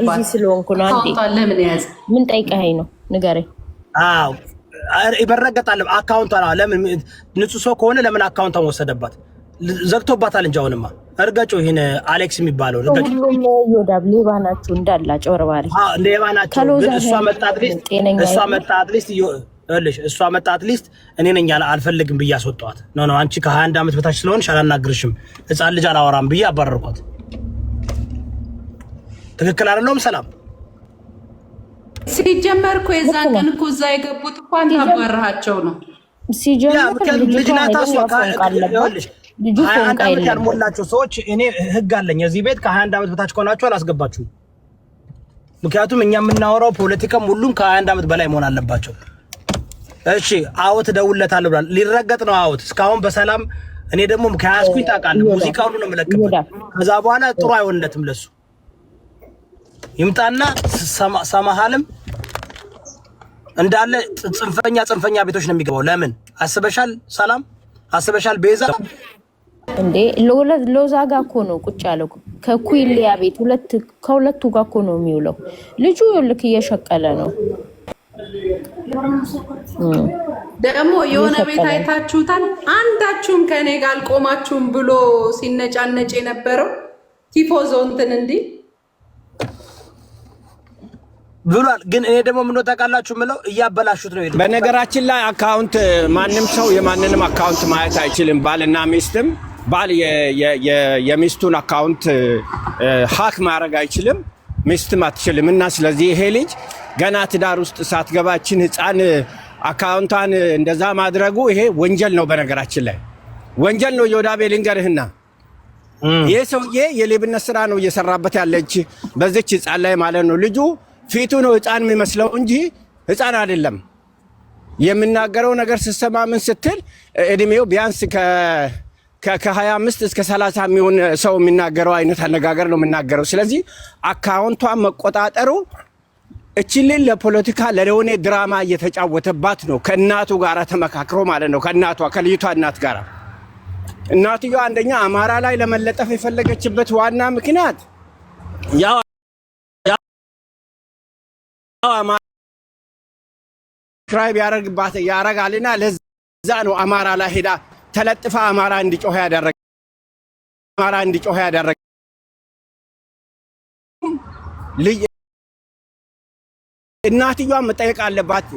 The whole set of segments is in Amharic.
ቢዚ ስለሆንኩ ነው። ምን ጠይቀኸኝ ነው ንገረኝ። ለምን ንጹህ ሰው ከሆነ ለምን አካውንቷን ወሰደባት? ዘግቶባታል እንጂ አሁንማ እርገጩ። ይህን አሌክስ የሚባለው ሌባ ናቸው ሌባ ናቸው። እሷ መጣ እሷ መጣ አትሊስት እሷ መጣ አትሊስት እኔ ነኝ አልፈልግም ብዬ አስወጣኋት። ኖ አንቺ ከ21 ዓመት በታች ስለሆንሽ አላናግርሽም ህፃን ልጅ አላወራም ብዬ አባረርኳት። ትክክል አይደለሁም። ሰላም ሲጀመር እኮ የዛን ቀን እኮ እዛ የገቡት እንኳን ታባረሃቸው ነው ሲጀመር አንድ ዓመት ያልሞላቸው ሰዎች እኔ ህግ አለኝ እዚህ ቤት ከሀያ አንድ ዓመት በታች ከሆናችሁ አላስገባችሁም። ምክንያቱም እኛ የምናወራው ፖለቲካም ሁሉም ከሀያ አንድ ዓመት በላይ መሆን አለባቸው። እሺ አወት እደውልለታለሁ ሊረገጥ ነው አወት እስካሁን በሰላም እኔ ደግሞ ከያዝኩኝ ታውቃለህ፣ ሙዚቃ ሁሉ ነው የምለቅበት። ከዛ በኋላ ጥሩ አይሆንለትም ለሱ ይምጣና ሰማሃልም እንዳለ ጽንፈኛ ጽንፈኛ ቤቶች ነው የሚገባው። ለምን አስበሻል? ሰላም አስበሻል? ቤዛ እንዴ ሎዛ ጋ እኮ ነው ቁጭ ያለው ከኩይሊያ ቤት ከሁለቱ ጋ እኮ ነው የሚውለው ልጁ። ልክ እየሸቀለ ነው ደግሞ የሆነ ቤት አይታችሁታል። አንዳችሁም ከኔ ጋር አልቆማችሁም ብሎ ሲነጫነጭ የነበረው ቲፎዞ እንትን እንዲህ ብሏል። ግን እኔ ደግሞ ምን ታውቃላችሁ ምለው እያበላሹት ነው። በነገራችን ላይ አካውንት ማንም ሰው የማንንም አካውንት ማየት አይችልም። ባልና ሚስትም ባል የሚስቱን አካውንት ሀክ ማድረግ አይችልም፣ ሚስትም አትችልም። እና ስለዚህ ይሄ ልጅ ገና ትዳር ውስጥ ሳትገባችን ህፃን አካውንቷን እንደዛ ማድረጉ ይሄ ወንጀል ነው። በነገራችን ላይ ወንጀል ነው። ዮዳቤ ልንገርህና ይህ ሰውዬ የሌብነት ስራ ነው እየሰራበት ያለች በዚች ህፃን ላይ ማለት ነው ልጁ ፊቱ ነው ህፃን የሚመስለው እንጂ ህፃን አይደለም። የምናገረው ነገር ስሰማ ምን ስትል እድሜው ቢያንስ ከ25 እስከ 30 የሚሆን ሰው የሚናገረው አይነት አነጋገር ነው የምናገረው። ስለዚህ አካውንቷን መቆጣጠሩ እችልን ለፖለቲካ ለሆነ ድራማ እየተጫወተባት ነው። ከእናቱ ጋር ተመካክሮ ማለት ነው። ከእናቷ ከልዩቷ እናት ጋር እናትየው አንደኛ አማራ ላይ ለመለጠፍ የፈለገችበት ዋና ምክንያት ያው ክራይብ ያደርግባት ያረጋልና ለዛ ነው አማራ ላይ ሄዳ ተለጥፋ አማራ እንዲጮህ ያደረገ አማራ እንዲጮህ ያደረገ ልጅ እናትየዋን መጠየቅ አለባት።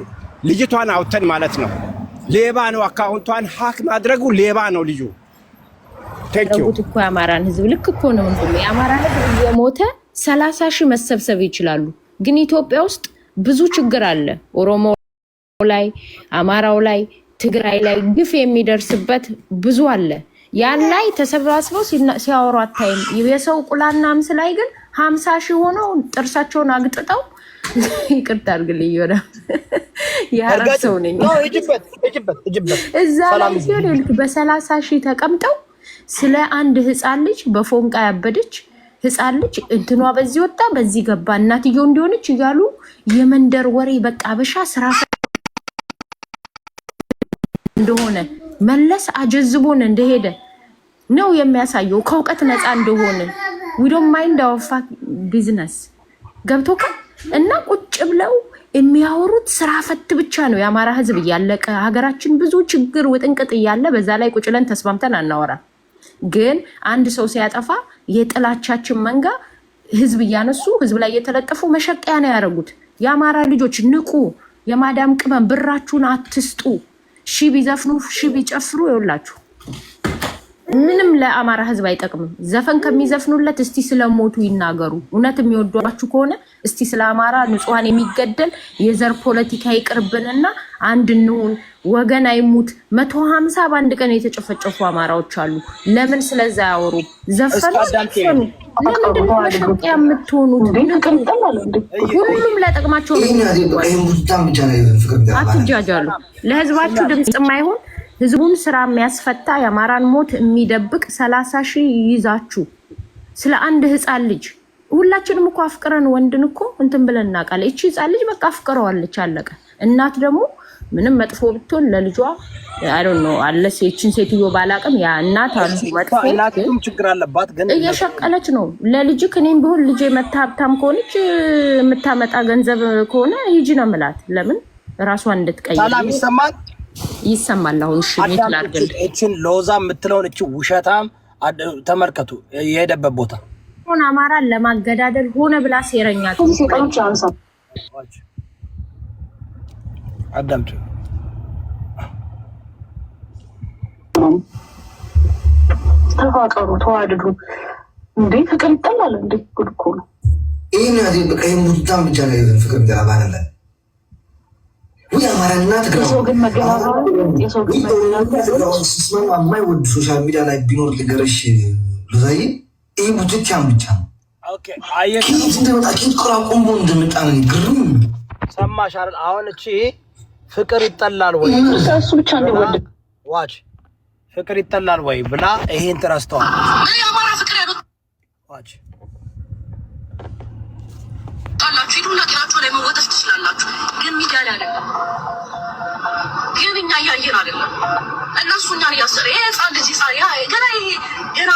ልጅቷን አውተን ማለት ነው። ሌባ ነው። አካውንቷን ሀክ ማድረጉ ሌባ ነው። ልዩ ረጉት እኮ የአማራን ህዝብ ልክ እኮ ነው። የአማራ ህዝብ እየሞተ ሰላሳ ሺህ መሰብሰብ ይችላሉ። ግን ኢትዮጵያ ውስጥ ብዙ ችግር አለ። ኦሮሞ ላይ፣ አማራው ላይ፣ ትግራይ ላይ ግፍ የሚደርስበት ብዙ አለ። ያን ላይ ተሰባስበው ሲያወሩ አታይም። የሰው ቁላና ምስ ላይ ግን ሀምሳ ሺህ ሆነው ጥርሳቸውን አግጥጠው ይቅርታ አድርግልኝ ሆነ የአረብ ሰው ነኝ እዛ ላይ ሲሆን በሰላሳ ሺህ ተቀምጠው ስለ አንድ ህፃን ልጅ በፎንቃ ያበደች ህፃን ልጅ እንትኗ በዚህ ወጣ በዚህ ገባ እናትየው እንዲሆነች እያሉ የመንደር ወሬ በቃ በሻ ስራ እንደሆነ መለስ አጀዝቦን እንደሄደ ነው የሚያሳየው። ከእውቀት ነፃ እንደሆነ ዊዶን ማይንድ አወፋ ቢዝነስ ገብቶ እና ቁጭ ብለው የሚያወሩት ስራ ፈት ብቻ ነው። የአማራ ህዝብ እያለቀ ሀገራችን ብዙ ችግር ውጥንቅጥ እያለ በዛ ላይ ቁጭ ብለን ተስማምተን አናወራ ግን አንድ ሰው ሲያጠፋ የጥላቻችን መንጋ ህዝብ እያነሱ ህዝብ ላይ እየተለጠፉ መሸቀያ ነው ያደረጉት። የአማራ ልጆች ንቁ፣ የማዳም ቅመም ብራችሁን አትስጡ። ሺ ቢዘፍኑ ሺ ቢጨፍሩ ይውላችሁ ምንም ለአማራ ህዝብ አይጠቅምም። ዘፈን ከሚዘፍኑለት እስቲ ስለሞቱ ይናገሩ። እውነት የሚወዷችሁ ከሆነ እስቲ ስለ አማራ ንጹሐን የሚገደል የዘር ፖለቲካ ይቅርብንና አንድ እንሁን። ወገን አይሙት። መቶ ሀምሳ በአንድ ቀን የተጨፈጨፉ አማራዎች አሉ። ለምን ስለዛ ያወሩ ዘፈኑ ዘፈኑ የምትሆኑት? ሁሉም ለጥቅማቸው አትጃጃሉ። ለህዝባችሁ ድምፅ ማይሆን ህዝቡን ስራ የሚያስፈታ የአማራን ሞት የሚደብቅ ሰላሳ ሺህ ይዛችሁ ስለ አንድ ህፃን ልጅ ሁላችንም እኮ አፍቅረን ወንድን እኮ እንትን ብለን እናውቃለን። እቺ ህፃን ልጅ በቃ አፍቅረዋለች አለቀ። እናት ደግሞ ምንም መጥፎ ብትሆን ለልጇ አይ ዶንት ኖ አለስ የችን ሴትዮ ባላቅም ያ እናት አሉ መጥፎ ችግር አለባት፣ ግን እየሸቀለች ነው ለልጅ እኔም ቢሆን ልጅ መታ ሀብታም ከሆነች የምታመጣ ገንዘብ ከሆነ ሂጂ ነው ምላት። ለምን ራሷን እንድትቀይር ሰላም ይሰማል ይሰማል። አሁን እሺ ይትላርግል እችን ሎዛ የምትለውን እች ውሸታም ተመልከቱ፣ የሄደበት ቦታ አማራን ለማገዳደል ሆነ ብላ ሴረኛ አዳምጪ። ተፋቀሩ፣ ተዋድዱ። እንዴ ፍቅር ይጠላል እንዴ? ጉድ እኮ ነው። ይህን ያዜ በቃ ብቻ ነው ፍቅር ሶሻል ሚዲያ ላይ ቢኖር ልገረሽ ይህ ብቻ ነው እንደመጣ እንደመጣ ነው ግርም ሰማሽ አይደል? አሁን እቺ ፍቅር ይጠላል ወይ እሱ ብቻ እንደወደ ዋች ፍቅር ይጠላል ወይ ብላ ይሄን ትረስተዋል። ዋች ታላችሁ ሂዱና ቂራችሁ ላይ መወጠፍ ትችላላችሁ፣ ግን ሚዲያ ላይ አይደለም፣ ግን እኛ እያየን አይደለም። እነሱ እኛን እያሰሩ ይሄ ህፃን ልጅ ህፃን ገና ይሄ ገና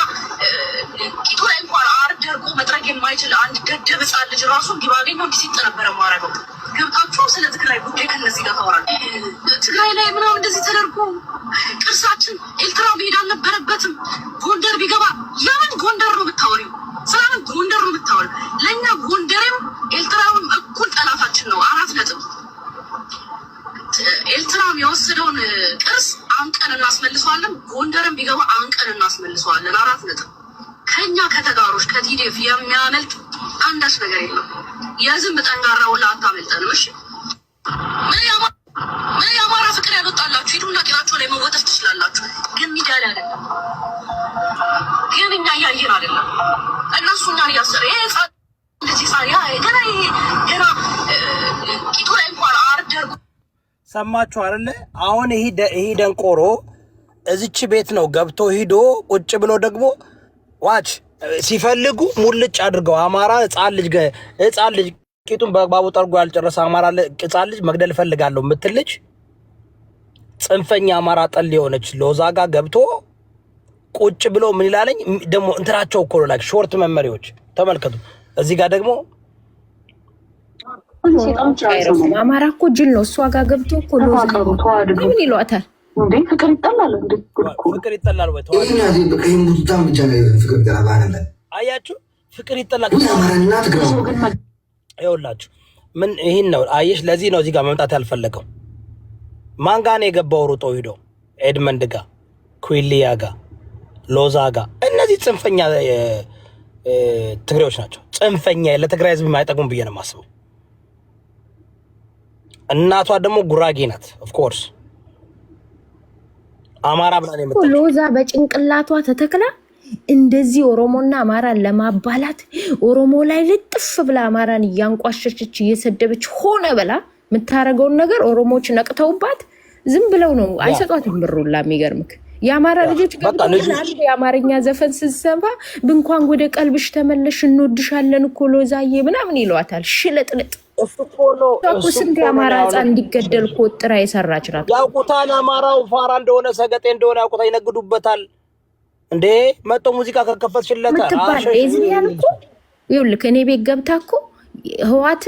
ቂጡ ላይ እንኳን አር መጥረግ የማይችል አንድ ደደብ ህፃን ልጅ ራሱ እንዲህ ባገኘው እንዲህ ሲጥ ነበረ ማረገው ገብታችሁ ስለ ትግራይ ጉዳይ ከነዚህ ጋር ታወራል። ትግራይ ላይ ምናምን እንደዚህ ተደርጎ ቅርሳችን ኤርትራ መሄድ አልነበረበትም። ጎንደር ቢገባ ለምን ጎንደር ነው የምታወሪው? ስለምን ጎንደር ነው የምታወሪው? ለእኛ ጎንደርም ኤርትራዊም እኩል ጠላታችን ነው። አራት ነጥብ። ኤርትራም የወሰደውን ቅርስ አንቀን እናስመልሰዋለን። ጎንደርም ቢገባ አንቀን እናስመልሰዋለን። አራት ነጥብ። ከእኛ ከተጋሮች ከቲዴፍ የሚያመልጥ አንዳች ነገር የለም። የዝም ጠንጋራ ውላ አታመልጠንም። እሺ ምን የአማራ ፍቅር ያልወጣላችሁ ሂዱና ጤናችሁ ላይ መወጠፍ ትችላላችሁ። ግን ሚዲያ ላይ አይደለም፣ ግን እኛ እያየን አይደለም። እነሱ እኛን እያሰረ እንደዚህ ገና ገና ቂጡ ላይ እንኳን አርደር ሰማችሁ አይደለ? አሁን ይሄ ደንቆሮ እዚች ቤት ነው ገብቶ ሂዶ ቁጭ ብሎ ደግሞ ዋች ሲፈልጉ ሙልጭ አድርገው አማራ ህፃን ልጅ ህፃን ልጅ ቂጡን በአግባቡ ጠርጎ ያልጨረሰ አማራ ህፃን ልጅ መግደል እፈልጋለሁ የምትል ልጅ ጽንፈኛ አማራ ጠል የሆነች ሎዛጋ ገብቶ ቁጭ ብሎ ምን ይላለኝ ደግሞ እንትናቸው እኮ ነው ላይክ ሾርት መመሪዎች ተመልከቱ። እዚህ ጋር ደግሞ አማራ እኮ ጅል ነው። እሷ ጋር ገብቶ እኮ ሎዛ ምን ይሏታል? እንዴ ፍቅር ይጠላል፣ እንዴ አያችሁ ፍቅር ይጠላል። ይኸውላችሁ ምን ይህን ነው አየሽ። ለዚህ ነው እዚህ ጋር መምጣት ያልፈለገው። ማን ጋ ነው የገባው? ሩጦ ሂዶ ኤድመንድ ጋ፣ ኩዊሊያ ጋ፣ ሎዛ ጋ። እነዚህ ጽንፈኛ ትግሬዎች ናቸው። ጽንፈኛ ለትግራይ ህዝብ የማይጠቅሙም ብዬ ነው የማስበው። እናቷ ደግሞ ጉራጌ ናት ኦፍኮርስ አማራ ብላ ሎዛ በጭንቅላቷ ተተክላ እንደዚህ ኦሮሞና አማራን ለማባላት ኦሮሞ ላይ ልጥፍ ብላ አማራን እያንቋሸሸች እየሰደበች ሆነ ብላ የምታደርገውን ነገር ኦሮሞዎች ነቅተውባት ዝም ብለው ነው አይሰጧትም ብሩላ። የሚገርምክ የአማራ ልጆች የአማርኛ ዘፈን ስሰማ ብንኳን ወደ ቀልብሽ ተመለሽ እንወድሻለን እኮ ሎዛዬ ምናምን ይለዋታል ሽለጥልጥ ስንት የአማራ ህፃን እንዲገደል ቆጥራ የሰራች ናት። ያውቁታል። አማራው ፋራ እንደሆነ ሰገጤ እንደሆነ ያውቁታ፣ ይነግዱበታል። እንዴ መጦ ሙዚቃ ከከፈትሽለት ምትባል ይኸውልህ፣ እኔ ቤት ገብታ እኮ ህዋት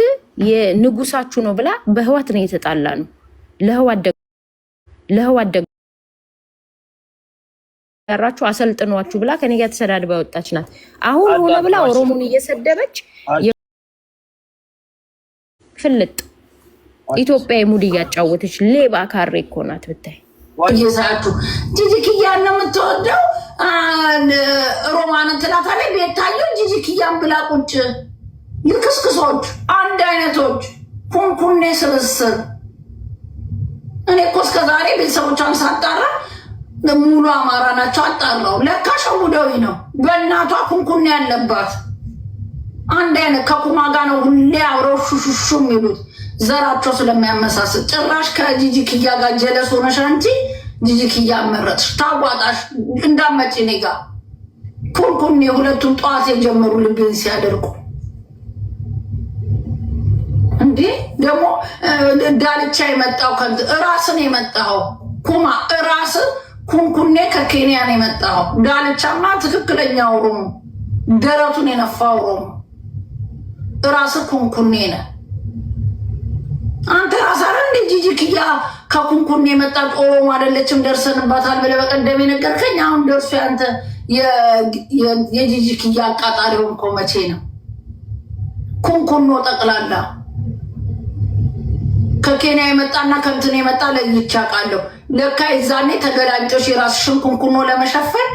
የንጉሳችሁ ነው ብላ በህዋት ነው የተጣላ ነው ለህዋት ደግ ያራችሁ አሰልጥኗችሁ ብላ ከኔ ጋር ተሰዳድባ ወጣች ናት። አሁን ሆነ ብላ ኦሮሞን እየሰደበች ፍልጥ ኢትዮጵያ ሙድ እያጫወተች ሌባ ካሬ እኮ ናት ብታይ እየሳችሁ ጂጂክያን ነው የምትወደው። ሮማንን ትላታ ቤታየው ጂጂክያን ብላ ቁጭ ልክስክሶች፣ አንድ አይነቶች ኩንኩኔ ስብስብ። እኔ እኮ እስከዛሬ ቤተሰቦቿን ሳጣራ ሙሉ አማራ ናቸው አጣራው። ለካ ሸውደዊ ነው በእናቷ ኩንኩኔ ያለባት አንድ አይነት ከኩማ ጋር ነው ሁሌ አብረው ሹሹሹ የሚሉት ዘራቸው ስለሚያመሳስል። ጭራሽ ከጂጂ ጋር ጀለስ ሆነሽ አንቺ ጂጂ ክያ መረጥሽ ታዋጣሽ እንዳመጪ እኔ ጋር ኩንኩን ጠዋት የጀመሩ ልቤን ሲያደርጉ እንዴ ደግሞ ዳልቻ የመጣው እራስን የመጣው ኩማ እራስ ኩንኩኔ ከኬንያን የመጣው ዳልቻማ ትክክለኛ ኦሮሞ ደረቱን የነፋ ኦሮሞ ራስ ኩንኩኔ ነ አንተ ራስ አይደል እንደ ጂጂ ከኩንኩኔ የመጣ ኦሮሞ አይደለችም ደርሰንባታል ብለህ በቀደም የነገርከኝ አሁን ደርሶ ያንተ የጂጂ ክያ አቃጣሪ መቼ ነው ኩንኩኖ ጠቅላላ ከኬንያ የመጣና ከምትን የመጣ ለይቼ አውቃለሁ ለካ የዛኔ ተገላንጮሽ የራስሽን ኩንኩኖ ለመሸፈን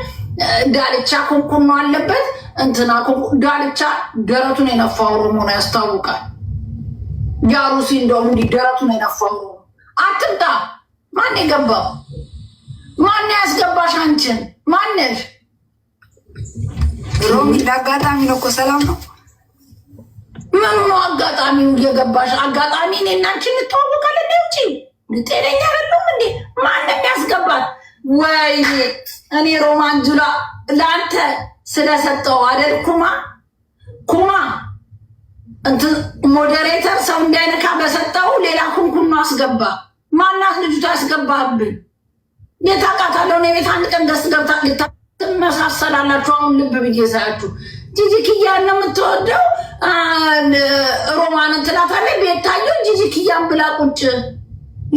ዳልቻ ኩንኩኖ አለበት እንትና ዳልቻ ደረቱን የነፋ ኦሮሞ ነው ያስታውቃል። ያሩሲ እንደውም እንዲህ ደረቱን የነፋ ኦሮሞ አትምጣ። ማን የገባው ማን ያስገባሽ? አንቺን ማነሽ? ሮሚ ለአጋጣሚ ነው እኮ ሰላም ነው። ምኑ ነው አጋጣሚ የገባሽ? አጋጣሚ እኔ እና አንቺ እንተዋወቃለን። ውጭ ጤነኛ አይደለም እንዴ? ማንም ያስገባት ወይ? እኔ ሮማንጁላ ለአንተ ስለሰጠው አደል ኩማ ኩማ ሞዴሬተር ሰው እንዳይነካ በሰጠው ሌላ ኩንኩኖ አስገባ። ማናት ልጅቷ ያስገባህብን? የታውቃታለሁ እኔ ቤት አንድ ቀን ደስ ገብታ ትመሳሰላላችሁ። አሁን ልብ ብዬ ሳያችሁ ጂጂክያን ነው የምትወደው ሮማንን ቤት ቤታየ ጂጂክያን ብላ ቁጭ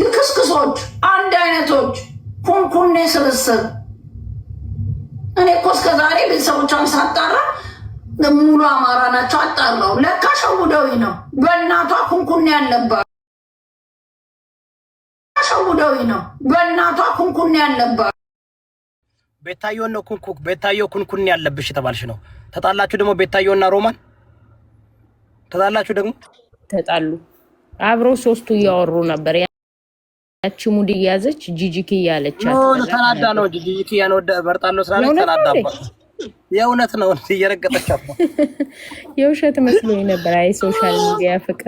ልክስክሶች፣ አንድ አይነቶች ኩንኩኔ ስብስብ እኔ እኮ ዛሬ ቤተሰቦቿን ሳጣራ ሙሉ አማራ ናቸው አጣራው። ለካ ሸውደዊ ነው። በእናቷ ኩንኩን ያለባት ሸውደዊ ነው። በእናቷ ኩንኩን ያለባት ቤታዮ ነው። ኩንኩ ቤታዮ ኩንኩን ያለብሽ የተባልሽ ነው። ተጣላችሁ ደግሞ ቤታዮና ሮማን ተጣላችሁ ደግሞ ተጣሉ። አብረው ሶስቱ እያወሩ ነበር። ያቺ ሙድ እያዘች ጂጂክ እያለች ተናዳ ነው ጂጂኪያ ነው እመርጣለሁ ስላለች ተናዳባት። የእውነት ነው እየረገጠች፣ የውሸት መስሎኝ ነበር። አይ ሶሻል ሚዲያ ፍቅር